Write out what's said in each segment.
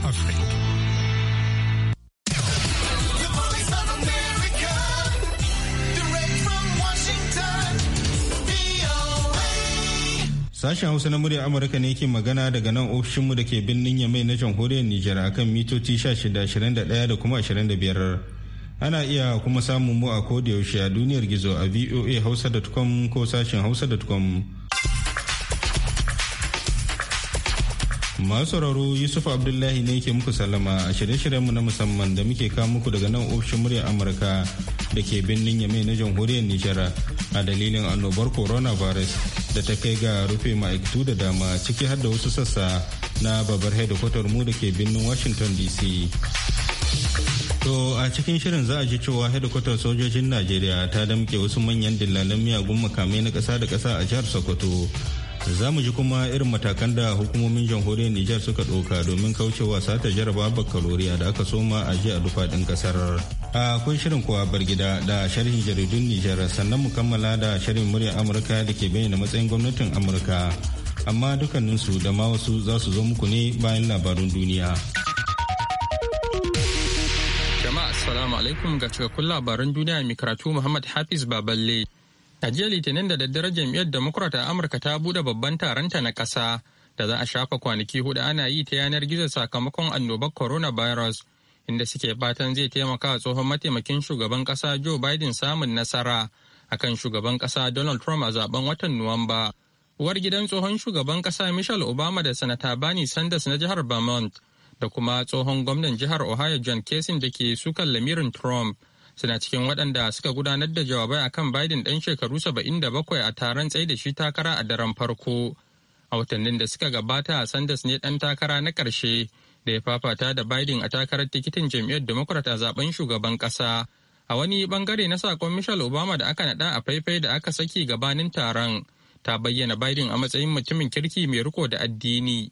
Afrique. Sashen Hausa na murya Amurka ne ke magana daga nan ofishinmu da ke birnin Yamai na jamhuriyar Nijar a kan mitoci 1621 da kuma 25. Ana iya kuma samun mu a yaushe a duniyar gizo a voa hausa.com ko sashen hausa.com. masu sauraro yusuf abdullahi ne ke muku sallama a shirye-shiryenmu na musamman da muke kawo muku daga nan ofishin muryar amurka da ke birnin yame na jamhuriyar nijar a dalilin annobar coronavirus da ta kai ga rufe ma'aikatu da dama ciki har da wasu sassa na babbar haidakotar mu da ke birnin washington dc To a cikin shirin za a ji cewa hedikwatar sojojin Najeriya ta damke wasu manyan dillalan miyagun makamai na ƙasa da ƙasa a jihar Sokoto za mu ji kuma irin matakan da hukumomin jamhuriyar nijar suka ɗauka domin kaucewa sata jaraba bakaloriya da aka soma a jiya dufaɗin A kun shirin kuwa gida da sharhin jaridun nijar sannan mu kammala da sharhin muryar amurka da ke bayyana matsayin gwamnatin amurka amma dukkaninsu da ma wasu za su zo muku ne bayan labarun duniya jama'a assalamu alaikum ga cikakkun labaran duniya mai karatu muhammad hafiz baballe A jiya Litinin da daddare jam'iyyar Democrat a Amurka ta bude babban taronta na ƙasa da za a shafa kwanaki hudu ana yi ta yanar gizo sakamakon annobar coronavirus inda suke fatan zai taimaka a tsohon mataimakin shugaban ƙasa Joe Biden samun nasara akan shugaban ƙasa Donald Trump a zaben watan Nuwamba. Uwar gidan tsohon shugaban ƙasa Michelle Obama da Sanata Bernie Sanders na jihar Vermont da kuma tsohon gwamnan jihar Ohio John Kasich da ke sukan lamirin Trump. suna cikin waɗanda suka gudanar da jawabai akan Biden ɗan shekaru 77 a taron tsaye da shi takara a daren farko. A watannin da suka gabata Sanders ne ɗan takara na ƙarshe da ya fafata da Biden a takarar tikitin jam'iyyar Democrat a zaben shugaban ƙasa. A wani bangare na sakon Michelle Obama da aka naɗa a faifai da aka saki gabanin taron ta bayyana Biden a matsayin mutumin kirki mai riko da addini.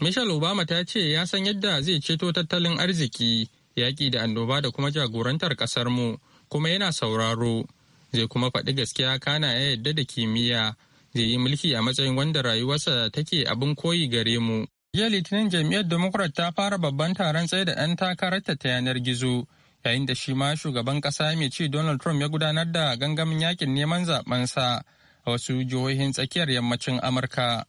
Michelle Obama ta ce ya san yadda zai ceto tattalin arziki yaƙi da annoba da kuma jagorantar ƙasar mu kuma yana sauraro zai kuma faɗi gaskiya kana ya yadda da kimiyya zai yi mulki a matsayin wanda rayuwarsa take abin koyi gare mu. Jiya Litinin Jam'iyyar Democrat ta fara babban taron tsaye da ɗan takararta ta yanar gizo yayin da shi ma shugaban ƙasa mai ci Donald Trump ya gudanar da gangamin yakin neman zaɓensa a wasu jihohin tsakiyar yammacin Amurka.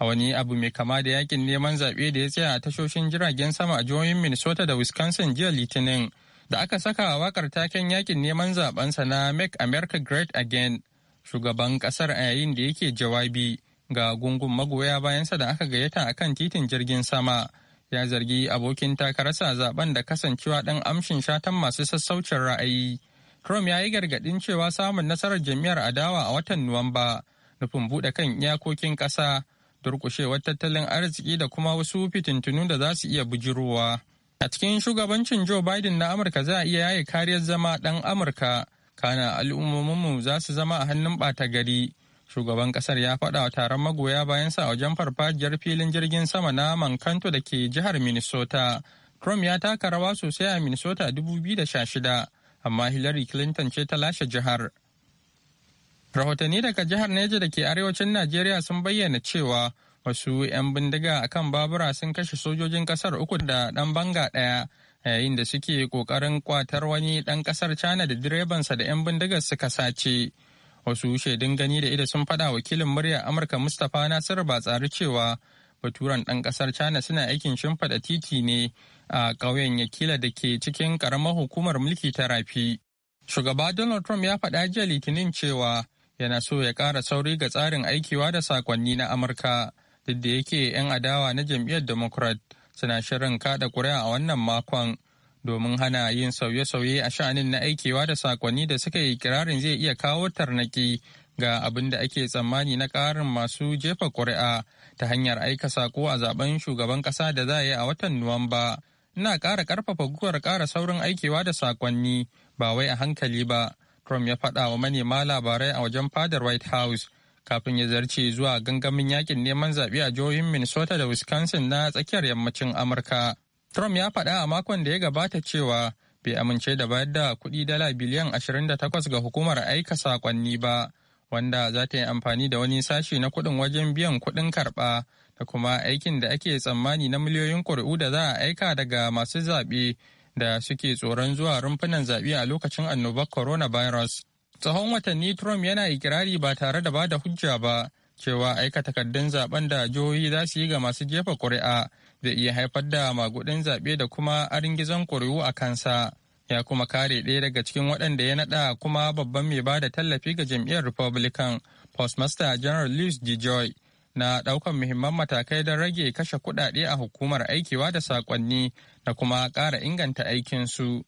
a wani abu mai kama da yakin neman zaɓe da ya tsaya a tashoshin jiragen sama a jihohin minnesota da wisconsin jiya litinin da aka saka wakar taken yakin neman zaɓensa na make america great again shugaban ƙasar a yayin da yake jawabi ga gungun magoya bayansa da aka gayyata a kan titin jirgin sama ya zargi abokin takararsa zaben da kasancewa ɗan amshin shatan masu sassaucin ra'ayi trump ya yi gargaɗin cewa samun nasarar jam'iyyar adawa a watan nuwamba nufin buɗe kan iyakokin ƙasa durƙushewar tattalin arziki da kuma wasu fitintunu da za su iya bujirowa. A cikin shugabancin Joe Biden na Amurka za a iya yaye kariyar zama ɗan Amurka, kana al'ummominmu za su zama a hannun ɓata gari. Shugaban ƙasar ya faɗa wa taron magoya bayansa a wajen farfajiyar filin jirgin sama na Mankanto da ke jihar Minnesota. Trump ya taka rawa sosai a Minnesota 2016, amma Hillary Clinton ce ta lashe jihar. Rahotanni daga jihar Neja da ke arewacin Najeriya sun bayyana cewa wasu 'yan bindiga a kan babura sun kashe sojojin kasar uku da ɗan banga ɗaya yayin da suke ƙoƙarin kwatar wani ɗan ƙasar China da direbansa da 'yan bindigar suka sace. Wasu shaidun gani da ido sun faɗa wakilin muryar Amurka Mustapha Nasir tsari cewa baturan ɗan ƙasar China suna aikin shimfiɗa titi ne a ƙauyen Yakila da ke cikin ƙaramar hukumar mulki ta rafi. Shugaba Donald Trump ya faɗa jiya Litinin cewa yana so ya ƙara sauri ga tsarin aikiwa da sakonni na Amurka duk da yake 'yan adawa na jam'iyyar Democrat suna shirin kada ƙuri'a a wannan makon domin hana yin sauye-sauye a sha'anin na aikewa da sakonni da suka yi kirarin zai iya kawo tarnaki ga abin da ake tsammani na ƙarin masu jefa ƙuri'a ta hanyar aika sako a zaben shugaban ƙasa da za a yi a watan Nuwamba. Ina ƙara ƙarfafa guwar kara saurin aikewa da sakonni ba wai a hankali ba Trump ya faɗa wa manema labarai a wajen fadar White House kafin ya zarce zuwa gangamin yakin neman zaɓe a jihohin Minnesota da Wisconsin na tsakiyar yammacin Amurka. Trump ya faɗa a makon da ya gabata cewa bai amince da bayar da kuɗi dala biliyan 28 ga hukumar aika sakonni ba, wanda za ta yi amfani da wani sashi na kuɗin wajen biyan kuɗin karɓa da kuma aikin da ake tsammani na miliyoyin ƙuri'u da za a aika daga masu zaɓe da suke tsoron zuwa rumfunan zaɓe a lokacin annobar coronavirus. tsohon watanni Trump yana ikirari ba tare da bada hujja ba cewa aika takardun zaben da jihohi za su yi ga masu jefa ƙuri'a zai iya haifar da magudin zaɓe da kuma arin gizon ƙuri'u a kansa. Ya kuma kare ɗaya daga cikin waɗanda ya naɗa kuma babban mai ba da tallafi ga jam'iyyar Republican, Postmaster General Louis DeJoy, na ɗaukan muhimman matakai don rage kashe kuɗaɗe a hukumar aikiwa da saƙonni da kuma ƙara inganta aikinsu.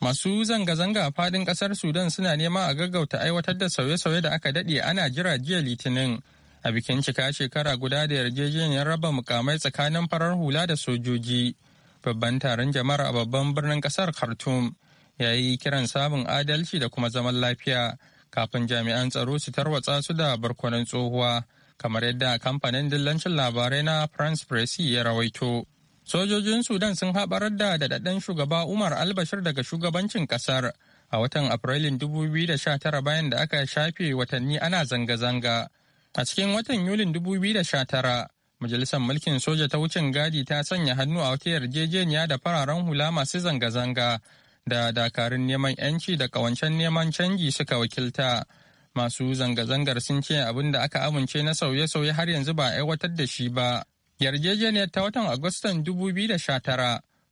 Masu zanga-zanga a fadin ƙasar Sudan suna nema a gaggauta aiwatar da sauye-sauye da aka daɗe ana jira jiya Litinin a bikin cika shekara guda da yarjejeniyar raba mukamai tsakanin farar hula da sojoji. Babban taron jama'ar a babban birnin ƙasar Khartoum ya yi kiran samun adalci da kuma zaman lafiya kafin jami'an tsaro su tarwatsa su da barkwanin tsohuwa kamar yadda kamfanin dillancin labarai na France Presse ya rawaito. Sojojin Sudan sun haɓarar da daɗaɗɗen shugaba Umar Albashir daga shugabancin ƙasar a watan Afrilun 2019 bayan da aka shafe watanni ana zanga-zanga. A cikin watan Yulin 2019, Majalisar Mulkin Soja ta wucin gadi ta sanya hannu a wata yarjejeniya da fararen hula masu zanga-zanga da dakarun neman 'yanci da ƙawancen neman canji suka wakilta. Masu zanga-zangar sun ce abin da aka amince na sauye-sauye har yanzu ba aiwatar da shi ba. Yarjejeniyar ta watan Agustan 2019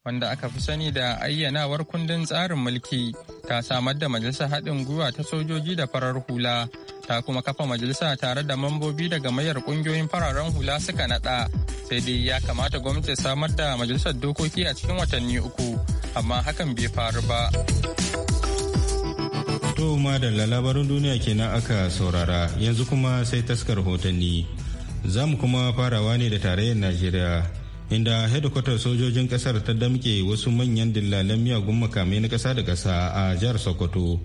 wanda aka fi sani da ayyanawar kundin tsarin mulki ta samar da majalisar haɗin gwiwa ta sojoji da farar hula ta kuma kafa majalisa tare da mambobi daga mayar ƙungiyoyin fararen hula suka naɗa sai dai ya kamata gwamnati samar da majalisar dokoki a cikin watanni uku amma hakan bai faru ba. To ma da labarin duniya kenan aka saurara yanzu kuma sai taskar hotanni. za mu kuma farawa ne da tarayyar najeriya inda hedikwatar sojojin kasar ta damke wasu manyan dillalan miyagun makamai na kasa da kasa a jihar sokoto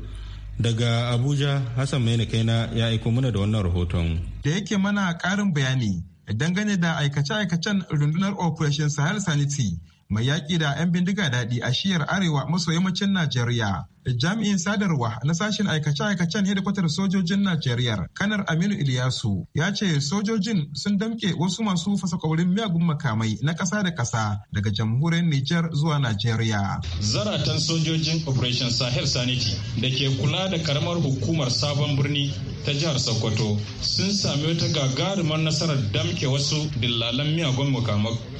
daga abuja hassan maina kaina ya aiko mana da wannan rahoton da yake mana karin bayani dangane da aikace-aikacen rundunar operation sahel sanity mai yaƙi da 'yan bindiga daɗi a shiyar arewa maso yammacin najeriya Jami'in sadarwa na sashen aikace-aikacen hedikwatar sojojin Najeriya, Kanar Aminu Ilyasu, ya ce sojojin sun damke wasu masu fasakaurin miyagun makamai na ƙasa da ƙasa daga jamhuriyar Nijar zuwa Najeriya. Zaratan sojojin Operation Sahel Sanity da ke kula da karamar hukumar sabon birni ta jihar Sokoto sun sami wata gagarumar nasarar damke wasu dillalan miyagun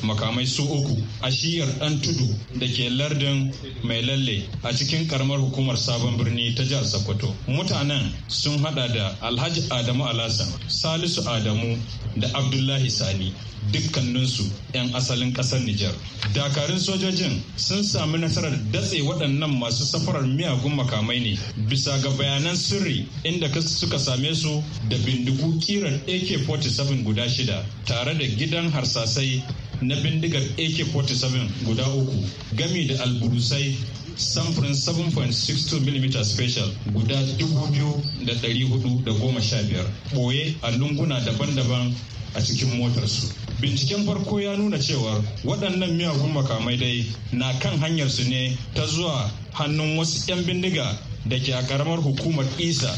makamai su uku a shiyar ɗan tudu da ke lardin mai lalle a cikin karamar hukumar hukumar sabon birni ta jihar Sokoto. Mutanen sun hada da Alhaji Adamu alhassan Salisu Adamu da Abdullahi Sani. dukkaninsu 'yan asalin ƙasar Nijar. Dakarun sojojin sun sami nasarar datse waɗannan masu safarar miyagun makamai ne bisa ga bayanan sirri inda suka same su da bindigu kiran AK-47 guda shida tare da gidan harsasai na bindigar AK-47 guda uku gami da alburusai samfurin 7.62 mm special guda 2,415 boye a lunguna daban-daban a cikin motarsu. Binciken farko ya nuna cewa waɗannan miyagun makamai dai na kan hanyarsu ne ta zuwa hannun wasu 'yan bindiga da ke a ƙaramar hukumar isa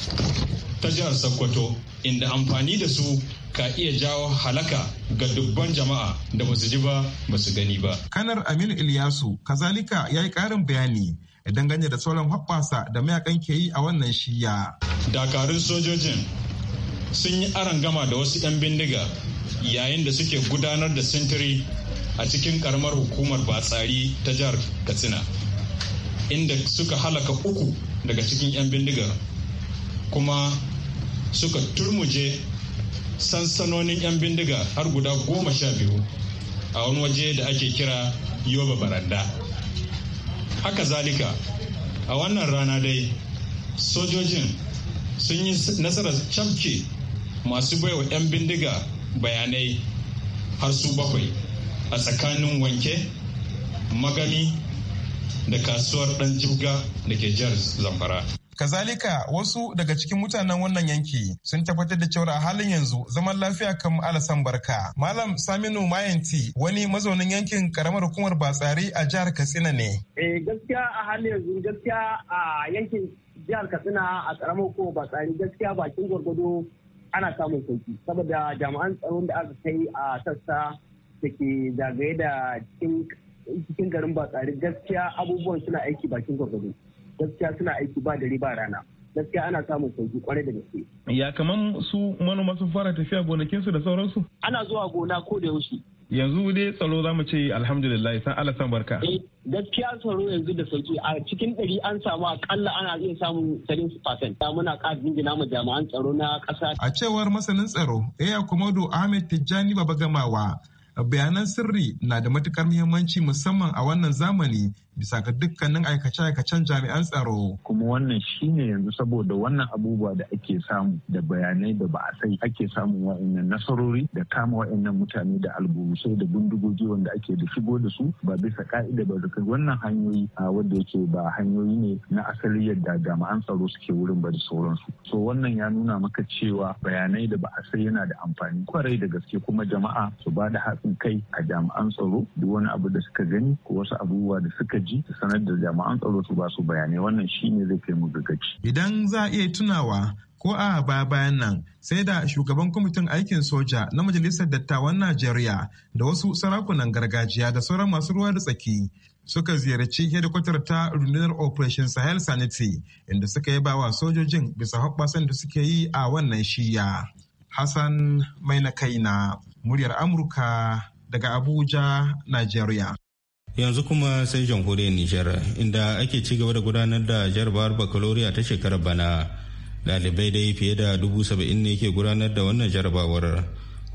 ta jihar Sokoto inda amfani da su ka iya jawo halaka ga dubban jama'a da ba su ji ba ba su gani ba. Kanar Aminu Ilyasu kazalika ya yi ƙarin bayani dangane da sauran hoɓɓasa da mayakan ke yi a wannan shiya. Dakarun sojojin sun yi gama da wasu 'yan bindiga yayin da suke gudanar da sintiri a cikin karamar hukumar batsari ta jihar Katsina inda suka halaka uku daga cikin 'yan bindigar kuma suka turmuje sansanonin 'yan bindiga har guda goma sha biyu a wani waje da ake kira yoba baranda haka zalika a wannan rana dai sojojin sun yi nasarar camke masu baiwa 'yan bindiga bayanai har su bakwai a tsakanin wanke magani da kasuwar dan jibga da ke jihar zamfara Kazalika wasu daga cikin mutanen wannan yanki sun tabbatar da cewa a halin yanzu zaman lafiya kan alasan barka. Malam Saminu Mayanti wani mazaunin yankin karamar hukumar Batsari a jihar Katsina ne. Eh gaskiya a halin yanzu gaskiya a yankin jihar Katsina a karamar hukumar Batsari gaskiya bakin gwargwado ana samun sauki saboda jami'an tsaron da aka kai a sassa da ke zagaye da cikin garin Batsari gaskiya abubuwan suna aiki bakin gwargwado. gaskiya suna aiki ba dare ba rana gaskiya ana samun sauki kwarai da gaske. Ya kaman su manoma sun fara tafiya gonakinsu da sauransu? Ana zuwa gona ko da yaushe. Yanzu dai tsaro za mu ce alhamdulillah san Allah san barka. Eh, gaskiya tsaro yanzu da sauki a cikin ɗari an samu akalla ana iya samun sarin fasen. Ta muna ƙara jingina mu jami'an tsaro na ƙasa. A cewar masanin tsaro Eya Komodo Ahmed Tijjani Babagamawa bayanan sirri na da matukar muhimmanci musamman a wannan zamani bisa ga dukkanin aikace-aikacen jami'an tsaro. Kuma wannan shine yanzu saboda wannan abubuwa da ake samu da bayanai da ba a sai ake samun wa'annan nasarori da kama wa'annan mutane da alburusai da bindigogi wanda ake da shigo da su ba bisa ka'ida ba da wannan hanyoyi a wanda yake ba hanyoyi ne na asali yadda jami'an tsaro suke wurin ba da sauransu. So wannan ya nuna maka cewa bayanai da ba a sai yana da amfani kwarai da gaske kuma jama'a su ba da haɗin kai a jami'an tsaro duk wani abu da suka gani ko wasu abubuwa da suka ji su sanar da jami'an tsaro su ba su bayanai wannan shine zai kai mu gagaci. Idan za a iya tunawa ko a baya bayan nan sai da shugaban kwamitin aikin soja na majalisar dattawan Najeriya da wasu sarakunan gargajiya da sauran masu ruwa da tsaki suka ziyarci hedikwatar ta rundunar operation sahel sanity inda suka yi bawa sojojin bisa hoɓɓasan da suke yi a wannan shiya hassan mai na kaina muryar Amurka daga Abuja, Najeriya. Yanzu kuma sai jamhuriyar Nijar inda ake ci gaba da gudanar da jarabar bakaloriya ta shekarar bana. Ɗalibai dai fiye da dubu saba'in ne ke gudanar da wannan jarabawar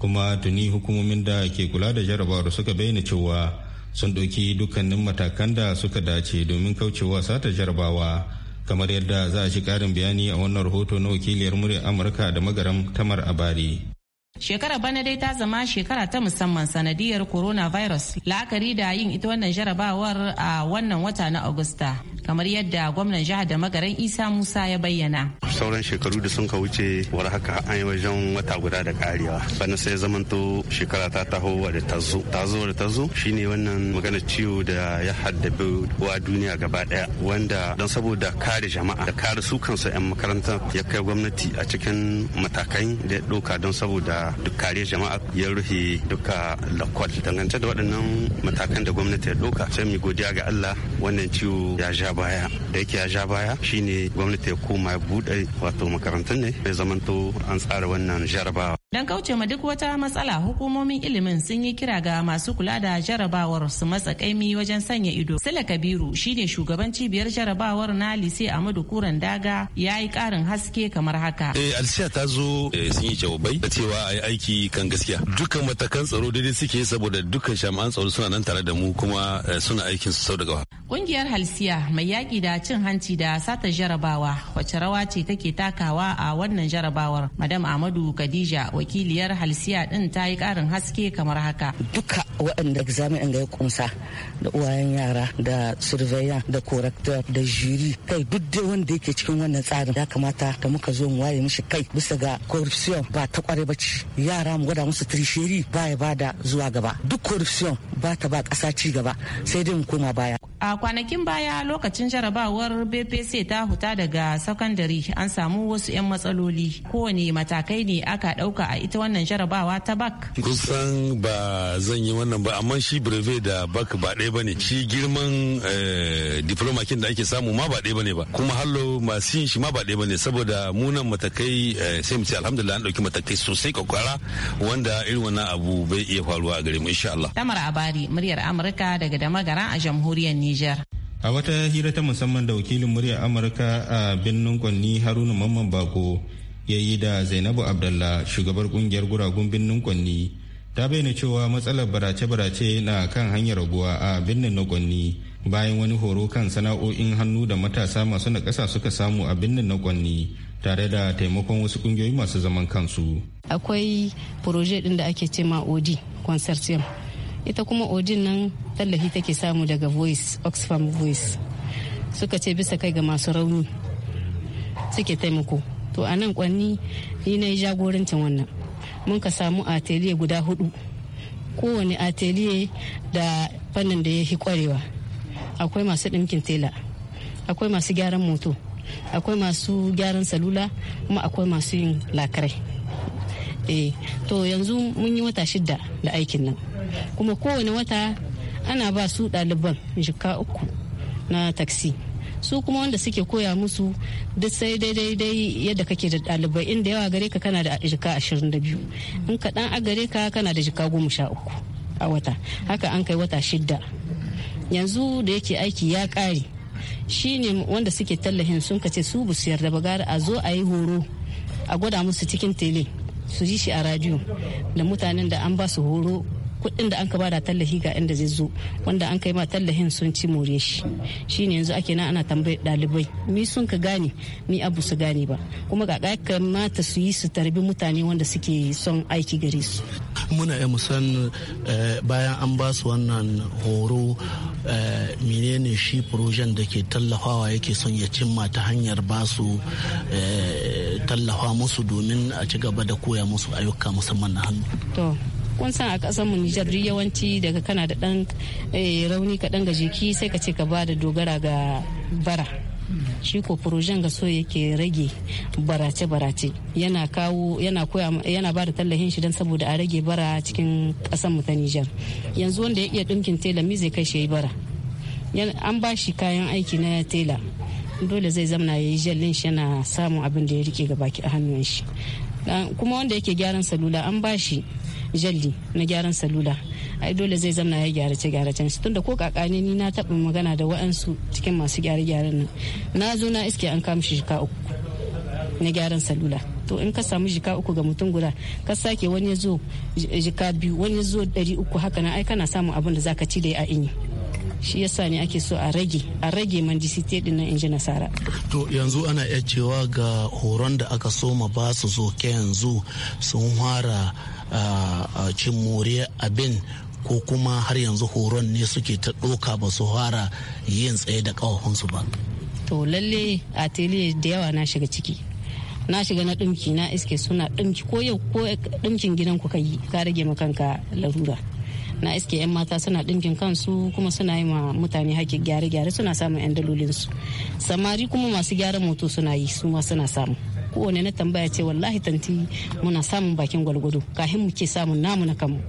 kuma tuni hukumomin da ke kula da jarabawar suka bayyana cewa sun ɗauki dukkanin matakan da suka dace domin kaucewa sata jarabawa kamar yadda za a ci ƙarin bayani a wannan rahoto na wakiliyar muryar amurka da magaram tamar abari shekara bana dai ta zama shekara ta musamman sanadiyar coronavirus la'akari da yin ita wannan jarabawar a wannan wata na Agusta. kamar yadda gwamnan jihar da magaran isa musa ya bayyana sauran shekaru da sun ka wuce war haka an yi wajen wata guda da karewa bana sai zamanto shekara ta taho da ta zo ta zo da ta zo shine wannan magana ciwo da ya haddabe wa duniya gaba daya wanda don saboda kare jama'a da kare su kansu yan makaranta ya kai gwamnati a cikin matakai da ya doka don saboda dukkare jama'a ya rufe duka lakwal dangance da waɗannan matakan da gwamnati ya ɗauka sai mu godiya ga Allah wannan ciwo ya ja baya da yake ya ja baya shine gwamnati ya koma ya buɗe wato makarantun ne mai zamanto an tsara wannan jarabawa Don kauce ma duk wata matsala hukumomin ilimin sun yi kira ga masu kula da jarabawar su matsa kaimi wajen sanya ido. Sila Kabiru shine shugaban cibiyar jarabawar na Lise Amadu madukuran Daga ya yi karin haske kamar haka. Eh Alsiya ta zo eh, sun yi jawabai da cewa a yi aiki kan gaskiya. Dukkan matakan tsaro daidai suke saboda dukkan jami'an tsaro suna nan tare da mu kuma eh, suna aikin su sau daga Kungiyar Halsiya mai yaƙi da cin hanci da sata jarabawa wacce rawa ce take takawa a wannan jarabawar. Madam Amadu Khadija wakiliyar Halsiya din ta yi ƙarin haske kamar haka. Duka waɗanda examen ɗin ya kunsa da uwayen yara da surveyor da corrector da jiri kai duk dai wanda yake cikin wannan tsarin ya kamata da muka zo mu waye mishi kai bisa ga corruption ba ta kware ci yara mu gwada musu trisheri ba ya bada zuwa gaba duk corruption ba ta ba ƙasa ci gaba sai dai mu koma baya. a kwanakin baya lokacin jarabawar bpc ta huta daga sakandare an samu wasu 'yan matsaloli kowane matakai ne aka dauka a ita wannan jarabawa ta bak kusan ba zan yi wannan ba amma shi brevet da bak ba ɗaya ba ne shi girman eh, diploma kin da ake samu ma ba ɗaya ba ne ba kuma hallo masu yin shi ma ba ɗaya ba ne saboda munan matakai eh, sai mu ce alhamdulillah an ɗauki matakai sosai kwakwara wanda irin wannan abu bai iya faruwa a gare mu insha Allah. Tamar Abari muryar Amurka daga Damagara a jamhuriyar Nijar. Nijar. A wata hira ta musamman da wakilin muryar Amurka a birnin Kwanni Haruna Mamman Bako ya yi da Zainabu Abdallah shugabar kungiyar guragun birnin Kwanni ta bayyana cewa matsalar barace-barace na kan hanyar raguwa a birnin na Kwanni bayan wani horo kan sana'o'in hannu da matasa masu nakasa suka samu a birnin na Kwanni tare da taimakon wasu kungiyoyi masu zaman kansu. Akwai proje ɗin da ake cema OD consortium ita kuma odin nan tallafi take samu daga voice oxfam voice suka ce bisa kai ga masu rauni suke taimako to a nan kwanni ni na yi jagorancin wannan mun ka samu atelier guda hudu kowane atelier da fannin da ya fi kwarewa akwai masu ɗinkin tela akwai masu gyaran moto akwai masu gyaran salula kuma akwai masu yin lakarai eh to yanzu mun yi wata shida da aikin nan kuma kowane wata ana ba su ɗaliban jika uku na taksi su kuma wanda suke koya musu duk sai daidai dai yadda kake da ɗalibai inda yawa gare ka kana da jika ashirin da biyu in ka ɗan a gare ka kana da jika goma sha uku a wata haka an kai wata shida yanzu da yake aiki ya ƙare shi ne wanda suke tallahin sun ka ce su bu su yarda ba a zo a yi horo a gwada musu cikin tele su ji shi a radio da mutanen da an ba su horo kuɗin da an ka bada tallafi ga inda zai zo wanda an kai ma tallafin sun ci more shi ne yanzu ake na ana tambayar ɗalibai mi sun ka gane mi abu su gane ba kuma ga mata su yi su tarbi mutane wanda suke son aiki gare su muna yi musan eh, bayan an ba su wannan horo eh, menene shi projen da ke tallafawa yake son ya cimma ta hanyar ba su eh, tallafa musu domin a ci gaba da koya musu ayyuka musamman na hannu kun san a kasar mu Nijar duk yawanci daga kana da dan eh, rauni kaɗan dan jiki sai ka ce ka ba da dogara ga bara shi ko projen ga so yake rage barace barace yana kawo yana koya yana ba da tallahin shi don saboda a rage bara cikin kasar mu ta Nijar yanzu wanda ya iya ɗinkin tela mi zai kai shi bara an ba shi kayan aiki na tela dole zai zama ya yi jallin shi yana samun abin da ya rike ga baki a hannun shi kuma wanda yake gyaran salula an ba shi jalli na gyaran salula ai dole zai zama ya gyarace gyaracen shi tunda ko kakani ni na taba magana da wa'ansu cikin masu gyare gyaran nan na zo na iske an kama shi shika uku na gyaran salula to in ka samu jika uku ga mutum guda ka sake wani zo jika biyu wani zo ɗari uku haka na ai kana samun abin da ka ci da a inyi shi yasa ne ake so a rage a rage mandisite din nan inji nasara to yanzu ana iya cewa ga horon da aka soma ba su zo yanzu sun fara cin more abin ko kuma har yanzu horon ne suke ta doka ba su fara yin tsaye da kawafinsu ba to lalle a tele da yawa na shiga ciki na shiga na ɗumki na iske suna ɗumki ko yau ko ɗumkin gidan ku ka ka rage makanka larura na iske 'yan mata suna dinkin kansu kuma suna yi ma mutane haƙƙin gyare-gyare suna samun 'yan dalolinsu samari kuma masu gyaran moto suna yi su ma suna samu kowane na tambaya ce wallahi tanti muna samun bakin gwalgwado kafin mu ke samun namu na kanmu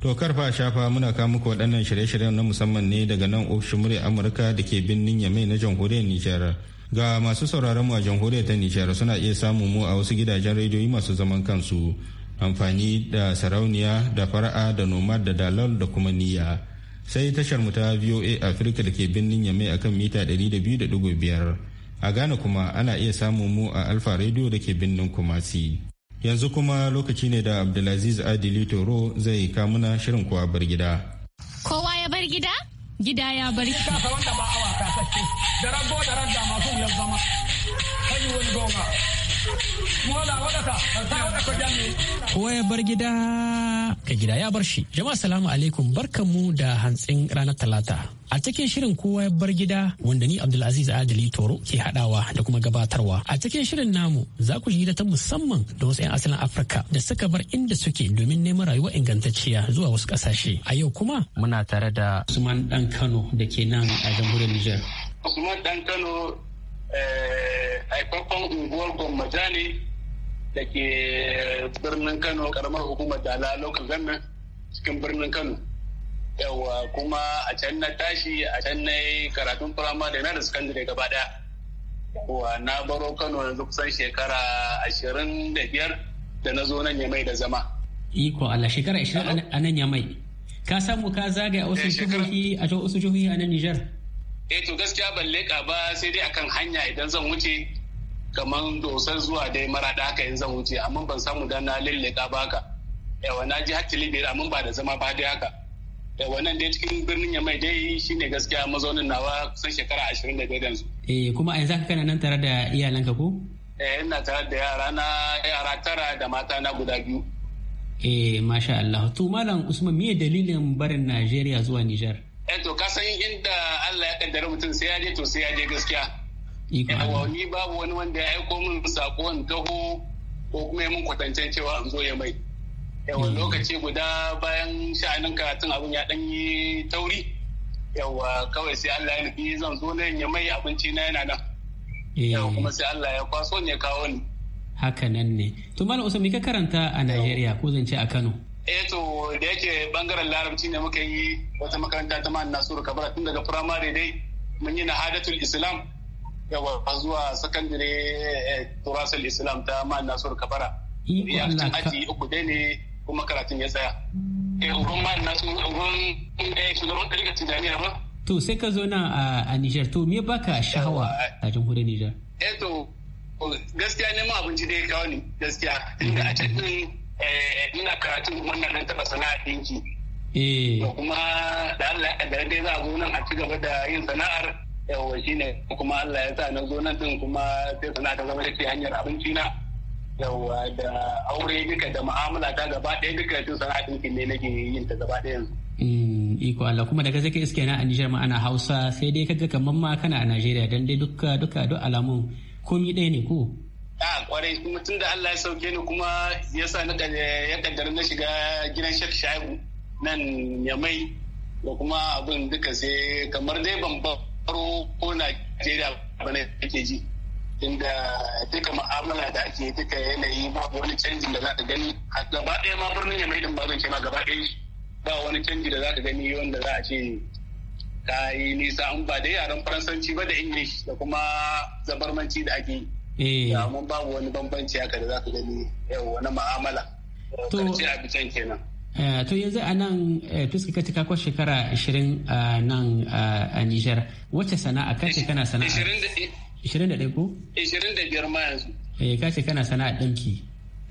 To karfa shafa muna kawo muku waɗannan shirye-shiryen na musamman ne daga nan ofishin murya Amurka da ke birnin Yamai na jamhuriyar Nijar. Ga masu sauraron mu a jamhuriyar ta Nijar suna iya samun mu a wasu gidajen rediyoyi masu zaman kansu amfani da sarauniya da fara'a da nomad da dalal da kuma niyya sai tashar mu ta voa afirka da ke birnin yamai akan mita 200.5 a ghana kuma ana iya samun mu a alfa radio da ke birnin kumasi yanzu kuma lokaci ne da abdulaziz adili toro zai kamuna shirin kowa bar gida kowa ya bar gida gida ya bar gida Kowa ya bar gida ka gida ya bar shi. Jama'a salamu alaikum barkamu da hantsin ranar talata. A cikin shirin kowa ya bar gida wanda ni Abdulaziz Adili Toro ke hadawa da kuma gabatarwa. A cikin shirin namu za ku ji ta musamman da wasu 'yan asalin Afirka da suka bar inda suke domin neman rayuwa ingantacciya zuwa wasu kasashe. A yau kuma muna tare da Usman Dan Kano da ke nan a jamhuriyar Nijar. Usman Dan Kano Eh, haifafan unguwar gwammaja ne da ke birnin kano karamar hukumar da ala local government cikin birnin kano yawa kuma a can na tashi a can na yi karatun firamare na da sakandare gaba daya yawa na baro kano yanzu kusan shekara ashirin da biyar da na zo nan yamai da zama iko Allah shekara ashirin a nan yamai ka samu ka zagaya wasu eh, jihohi a wasu jihohi a nan Nijar eh to gaskiya ban leƙa ba sai dai akan hanya idan zan wuce kamar dosar zuwa dai da haka in zan wuce amma ban samu dan na lalleka ba haka yawa na ji hatti libira amma ba da zama ba dai haka yawa nan dai cikin birnin ya mai dai shine gaskiya mazaunin nawa kusan shekara ashirin da biyar yanzu. eh kuma a yanzu haka kana nan tare da iyalanka ko. eh ina tare da yara na yara tara da mata na guda biyu. eh masha Allah to malam Usman me dalilin barin Najeriya zuwa Nijar. eh to ka san inda Allah ya kaddara mutum sai ya je to sai ya je gaskiya yawa ni babu wani wanda ya aiko min sako in taho ko kuma ya mun kwatancen cewa in zo ya mai yawa hmm. lokaci guda bayan sha'anin karatun abin ya dan yi tauri yawa kawai sai Allah ya nufi zan zo ne ya mai abinci na yana nan eh. yawa kuma sai Allah ya kwaso ne kawo ni haka ne to malam usman ka karanta a Najeriya ko zan ce a Kano eh to da yake bangaren larabci ne muka yi wata makaranta ta man nasuru kabara tun daga firamare dai mun yi na hadatul islam yawa zuwa sakandare eh, turasul islam ta man nasuru kabara ya cikin aji uku dai ne kuma karatun ya tsaya eh ugon man nasuru ugon eh shugaban ɗarika tijaniya ba to sai ka zo nan a Niger to me baka shahawa a jamhuriyar Niger eh to gaskiya neman abinci dai kawo ne gaskiya inda a can Eh, ina karatu wannan nan taɓa sana'a dinki Da eh. kuma da Allah da dai za a zo nan a ci gaba da yin sana'ar yawa shi ne kuma Allah ya sa na zo nan ɗin kuma sai sana'a ta zama da ce hanyar abinci na. Yawa da aure duka da mu'amala ta gaba ɗaya duka tun sana'a dinki ne nake yin ta gaba ɗaya yanzu. Hmm, iko Allah kuma daga zaka iske na a Nijar ma ana Hausa sai dai kaga kamar ma kana a Najeriya dan dai duka duka duk alamun komi ɗaya ne ko. kwarai kuma tun da Allah ya sauke ni kuma ya sa ya kaddara na shiga gidan Sheikh Shaibu nan ya mai da kuma abin duka sai kamar dai ban baro ko Najeriya ba ne yake ji inda duka ma'amala da ake duka yanayi ba wani canjin da za ka gani a gaba ɗaya ma birnin mai din ba zan ce ma gaba ɗaya ba wani canji da za ka gani wanda za a ce ka yi nisa an ba da yaren faransanci ba da English da kuma zabarmanci da ake yi eh mun babu wani bambanci haka da za ka gani yau na ma'amala to a bitan kenan eh, to yanzu a nan eh, fuska ka cika ko shekara 20 a nan a Nijar wacce sana'a ce kana sana'a 21 ko biyar ma yanzu eh ce kana sana'a ɗinki.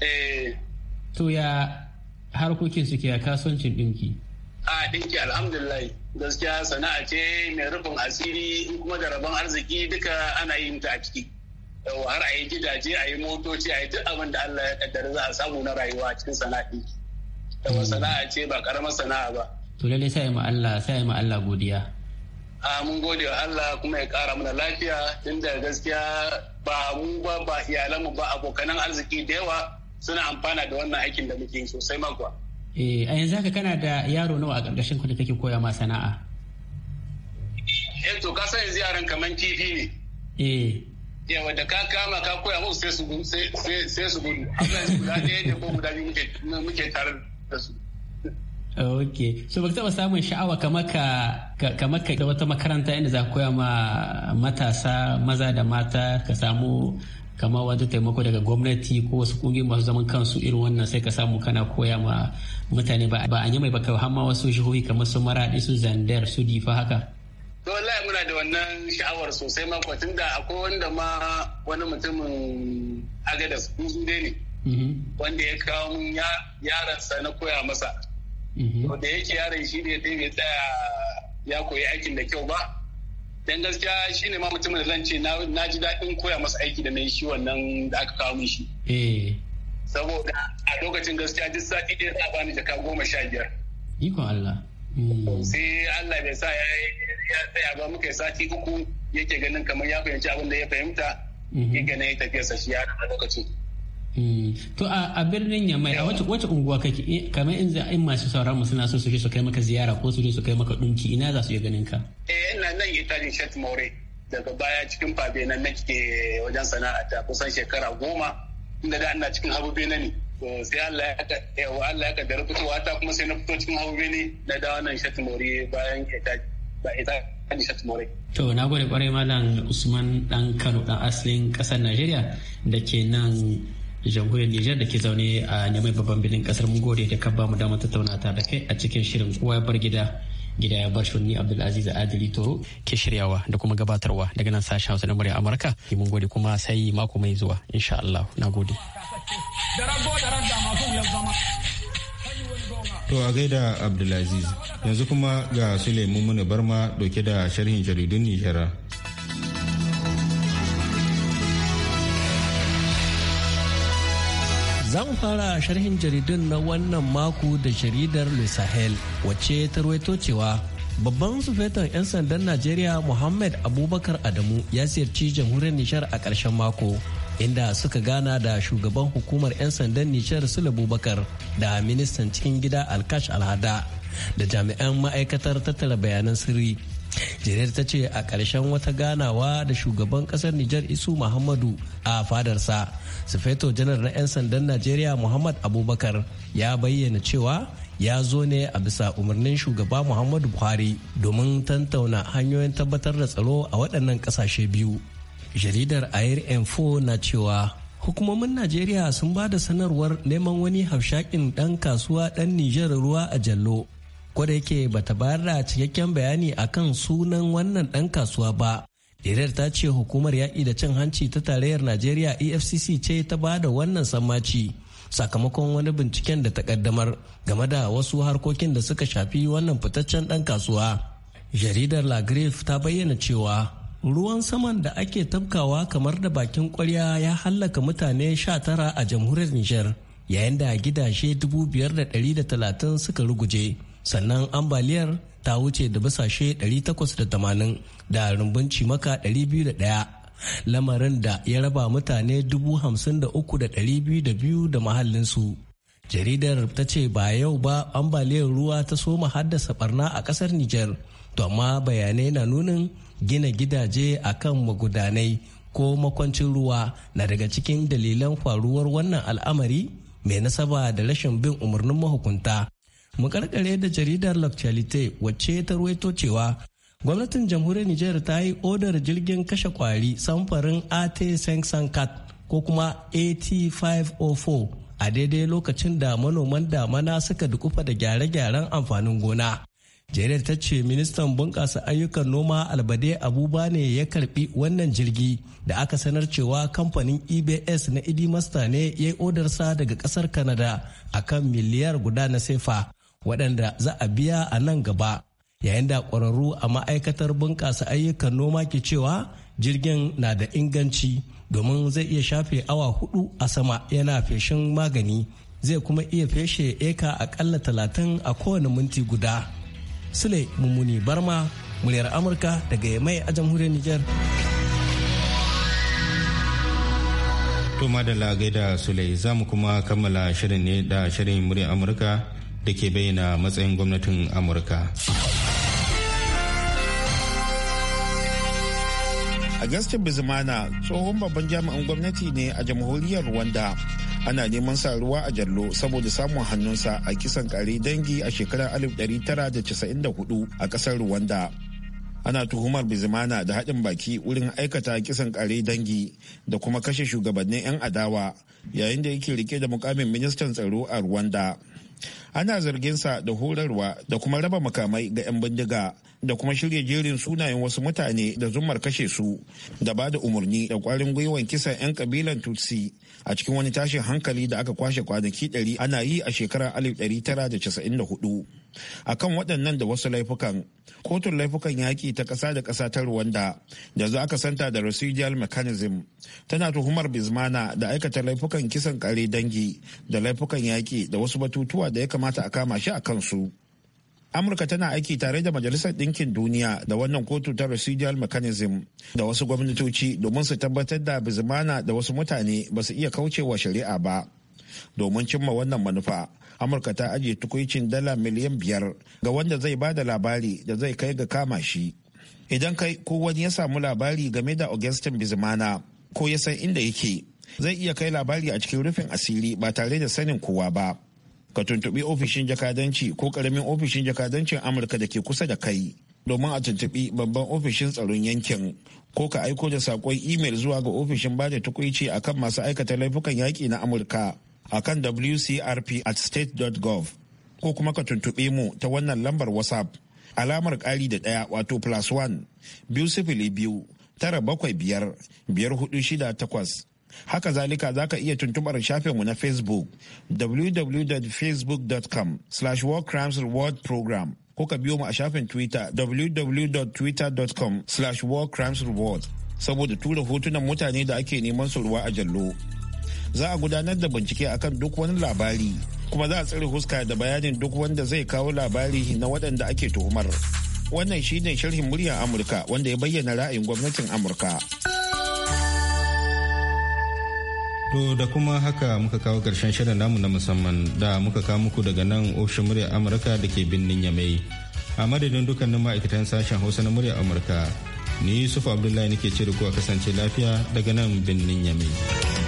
eh to ya harkokin suke a kasuwancin ɗinki. a ɗinki alhamdulillah gaskiya sana'a ce mai rufin asiri kuma da rabon arziki duka ana yin ta a ciki yawa har a yi gidaje a yi motoci a yi duk abin da Allah ya kaddara za a samu na rayuwa cikin sana'i yawa sana'a ce ba karamar sana'a ba to lalle sai ma Allah sai ma Allah godiya a mun gode wa Allah kuma ya kara mana lafiya inda gaskiya ba mu ba ba iyalanmu ba abokanan arziki da yawa suna amfana da wannan aikin da muke yi sosai magwa eh a yanzu haka kana da yaro nawa a ƙarƙashin ku da kake koya ma sana'a eh to ka san yanzu yaran kaman kifi ne eh yawa da ka kama ka koya mu sai su gudu sai su gudu amma ne ko guda biyu muke tare da su ok so ba taba samun sha'awa kamar ka da wata makaranta inda za koya ma matasa maza da mata ka samu kama wata taimako daga gwamnati ko wasu kungiyoyi masu zaman kansu irin wannan sai ka samu kana koya ma mutane ba a yi mai baka hama wasu jihohi kamar su maraɗi su zandar su difa haka to wallahi muna da wannan sha'awar sosai ma kwatin da akwai wanda ma wani mutumin agadas kuzu dai ne mhm. wanda ya kawo mun yaransa na koya masa wanda mhm. yake yaron shi ne dai bai tsaya ya koyi aikin da kyau ba dan gaskiya shi ne ma mutumin da zan ce na ji daɗin koya masa aiki da na yi shi wannan da aka kawo mun shi eh. saboda a lokacin gaskiya duk sati ɗaya za a bani jaka goma sha biyar ikon Allah mm. sai Allah bai sa ya yi ya tsaya ba muka yi sati uku yake ganin kamar ya fahimci abin da ya fahimta mhm. yake ne ya tafiya shi ya rana lokacin. Eh, to a birnin Yamai a wace unguwa kake eh, kamar in in masu sauran suna so su su kai maka ziyara ko su je su kai maka dunki ina za su yi ganin ka? Eh ina nan Italian Shet More daga baya cikin fabe nan ke wajen sana'a ta kusan shekara goma inda da ina cikin habu na ne. sai eh, Allah ya kaddara fitowa ta kuma sai na fito cikin haube ne na dawo nan shatimori bayan ya To na gode kwarai malam Usman dan Kano dan asalin kasar Najeriya da ke nan jamhuriyar Nijar da ke zaune a neman babban birnin kasar mu gode da ka mu damar tattauna ta da kai a cikin shirin kowa ya bar gida gida ya bar Abdul Aziz Adili Toro ke shiryawa da kuma gabatarwa daga nan sashen Hausa na murya Amurka mun gode kuma sai mako mai zuwa insha Allah na gode. To a gaida Abdulaziz yanzu kuma ga Suleiman Muna Barma dauke da sharhin jaridun Nijar. Zan fara sharhin jaridun na wannan mako da jaridar Le Sahel wacce ta ruwaito cewa babban sufetan 'yan sandan Najeriya Muhammad Abubakar Adamu ya ziyarci jamhuriyar Nijar a ƙarshen mako inda suka gana da shugaban hukumar 'yan sandan Nijar Sule Bubakar da ministan cikin gida Alkash Alhada da jami'an ma'aikatar tattara bayanan sirri. Jirar ta ce a ƙarshen wata ganawa da shugaban ƙasar Nijar Isu Muhammadu a fadarsa, Sufeto janar na 'yan sandan Najeriya Muhammad Abubakar ya bayyana cewa ya zo ne a bisa umarnin shugaba Muhammadu Buhari domin tantauna hanyoyin tabbatar da tsaro a waɗannan ƙasashe biyu. jaridar air info na cewa hukumomin najeriya sun ba da sanarwar neman wani hafshakin ɗan kasuwa ɗan nijar ruwa a jallo yake bata bayar da cikakken bayani akan sunan wannan ɗan kasuwa ba jaridar ta ce hukumar yaƙi da cin hanci ta tarayyar Najeriya EFCC ce ta ba da wannan sammaci sakamakon wani binciken da ta kaddamar game da wasu harkokin da suka shafi wannan fitaccen ɗan kasuwa. Jaridar La ta bayyana cewa ruwan saman da ake tafkawa kamar da bakin kwarya ya hallaka mutane sha tara a jamhuriyar Nijar yayin da gidashe talatin suka ruguje sannan ambaliyar ta wuce da basashe 880 da rumbun cimaka 201 lamarin da ya raba mutane 53,202 da mahallinsu. jaridar ta ce ba yau ba ambaliyar ruwa ta soma haddasa barna a kasar Nijar, to amma bayanai na nunin gina gidaje a kan magudanai ko makwancin ruwa na daga cikin dalilan faruwar wannan al'amari mai nasaba da rashin bin umarnin mahukunta mu karkare da jaridar Lokcalite wacce ta ruwaito cewa gwamnatin jamhuriyar nijar ta yi odar jirgin kashe kwari samfarin at sankat ko kuma at504 a daidai lokacin da manoman damana suka dukufa da gyare-gyaren amfanin gona jaridar ta ce ministan bunƙasa ayyukan noma albade abuba ne ya karbi wannan jirgi da aka sanar cewa kamfanin ebs na idimasta ne ya yi odarsa daga ƙasar canada kan miliyar guda na sefa waɗanda za a biya a nan gaba yayin da ƙwararru a ma'aikatar bunƙasa ayyukan noma ke cewa jirgin na da inganci domin zai iya shafe awa hudu a sama yana feshin magani zai kuma iya feshe eka akalla talatin a kowane minti guda Sule Mummuni Barma, muryar Amurka daga Yamai a jamhuriyar Nijar. To madalla gaida Sule za mu kuma kammala shirin ne da shirin muryar Amurka da ke bayyana matsayin gwamnatin Amurka. a gaske Bizimana tsohon babban jami'an gwamnati ne a jamhuriyar Rwanda. ana neman sa ruwa a jallo saboda samun hannunsa a kisan kare dangi a shekarar 1994 a kasar rwanda ana tuhumar bizimana da haɗin baki wurin aikata kisan kare dangi da kuma kashe shugabannin 'yan adawa yayin da yake rike da mukamin ministan tsaro a rwanda ana zarginsa da horarwa da kuma raba makamai ga 'yan bindiga da kuma shirya jerin sunayen wasu mutane da zumar kashe su da ba da umarni da kwarin gwiwan kisan 'yan kabilan tutsi a cikin wani tashin hankali da aka kwashe kwanaki 100 ana yi a shekarar 1994 akan waɗannan da wasu laifukan kotun laifukan yaƙi ta ƙasa da ƙasa ta ruwanda da za ka santa da residual mechanism tana tuhumar bismana da aikata laifukan kisan kare dangi da laifukan yaƙi da wasu batutuwa da ya kamata a kama shi a kansu amurka tana aiki tare da majalisar ɗinkin duniya da wannan kotu ta residual mechanism da wasu gwamnatoci domin su tabbatar da bizimana da wasu mutane ba su iya kauce wa shari'a ba domin cimma wannan manufa amurka ta ajiye tukuicin dala miliyan biyar ga wanda zai ba da labari da zai kai ga kama shi idan kai ko wani ya samu labari game da augustin bizimana ko ya san inda yake zai iya kai labari a cikin rufin asiri ba tare da sanin kowa ba ka tuntuɓi ofishin jakadanci ko karamin ofishin jakadancin amurka da ke kusa da kai domin a tuntuɓi babban ofishin tsaron yankin ko ka aiko da saƙon imel zuwa ga ofishin bada tukuici akan masu aikata laifukan yaƙi na amurka akan wcrp at state.gov ko kuma ka tuntuɓe mu ta wannan lambar whatsapp alamar ƙari da ɗaya wato plus one biyu sifili biyu tara bakwai biyar biyar hudu shida takwas Haka zalika za ka iya tuntubar shafinmu na Facebook www.facebook.com slash War Crimes Reward Program ko ka biyo mu a shafin Twitter www.twitter.com slash War Crimes Reward saboda tura hotunan mutane da ake neman su ruwa a jallo. Za a gudanar da bincike akan duk wani labari kuma za a tsare huska da bayanin duk wanda zai kawo labari na waɗanda ake tuhumar. Wannan shi ne sharhin muryar Amurka wanda ya bayyana ra'ayin gwamnatin Amurka. To da kuma haka muka kawo ƙarshen shirin namu na musamman da muka kawo muku daga nan ofishin murya Amurka da ke birnin Yamai. A madadin dukkanin ma'aikatan sashen Hausa na murya Amurka, ni Yusuf Abdullahi nake ce da kuwa kasance lafiya daga nan birnin Yamai.